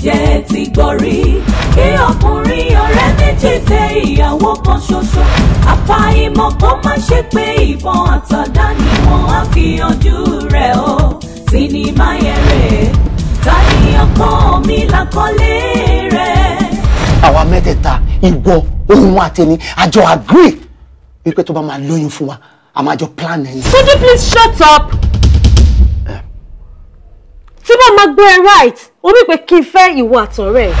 ǹjẹ́ ti gbọ́ rí kí ọkùnrin ọ̀rẹ́ méjì tẹ ìyàwó kan ṣoṣo àfàìmọ̀ kan má ṣe pé ìbọn àtọ̀dá ni wọ́n á fi yanjú rẹ̀ o sinimá yẹn rèé ta ni ọkọ mi lákọ́lé rẹ̀. àwa mẹ́tẹ̀ẹ̀ta ìwọ ohun àtẹni àjọ agree wípé tó bá máa lóyún fún wa a máa jọ plan ẹ̀yìn. could you please shut up bá gbọ́ ẹ right ó bí pé kí n fẹ́ ìwọ àtọ̀rẹ́ ẹ̀.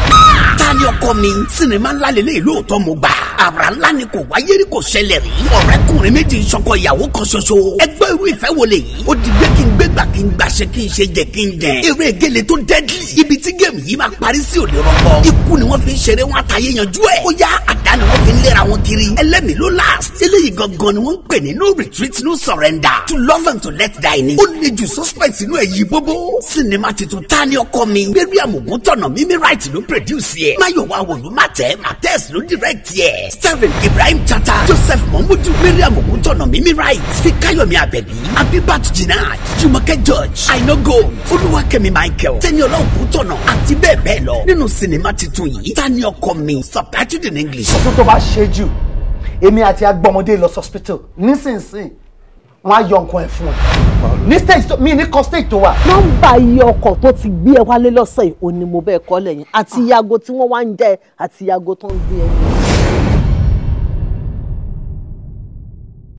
ta ni ọkọ mi sinimá ńlá lélẹ́yìn lóòótọ́ mo gbà àrà ńlá ni kò wáyé rí kò ṣẹlẹ̀ rí ọ̀rẹ́kùnrin méjì ń sọkọ ìyàwó kan ṣoṣo ẹgbẹ́ irú ìfẹ́ wo lè yí ó ti gbé kí n gbégbà kí n gbàṣẹ kí n ṣe jẹ kí n jẹ eré gele tó deadly ibi tí géèmù yìí máa parí sí òde rọpò ikú ni wọ́n fi ń ṣeré wọn àtàyè yanjú ẹ̀ ó yá àt mẹ́ta ni wọ́n fi ń léra wọn kiri. ẹlẹ́mìí ló last. eléyìí gangan ni wọ́n ń pè ní no retreat no surrender to love and to let die ni. ó lè ju suspect inú ẹ̀ yí bóbó. sinimá titun ta ni ọkọ mi. bẹ́ẹ̀ni àmùgún tọ̀nà mímí right ló produce yẹ. máyọ̀wá wòlú má tẹ́ má tẹ́s ló direct yẹ. starring ibrahim tata joseph mahmood mariam ògúntọ̀nà mímí right fikayomi abẹ́bí abibat jinaj jumoke george aina gold olúwakẹ́mi michael tẹ́niọlá ògúntọ̀nà àti bẹ́ẹ̀ bẹ́ẹ̀ lọ nínú sinimá titun yìí ta ni ọkọ mi subtitled in english ọdún tó bá ṣe jù èmi àti agbọmọdé lọ hospital nísinsìnyí wọn á yọ nǹkan ẹ fún ẹ ní stage tó mi ní kan stage tó wà. nọ́mbà iye ọkọ̀ tó ti gbé ẹ wálé lọ́sẹ̀ yìí òní mo bẹ́ẹ̀ kọ́ lẹ́yìn àti yago tí wọ́n wá ń jẹ àti yago tó ń gbé ẹ.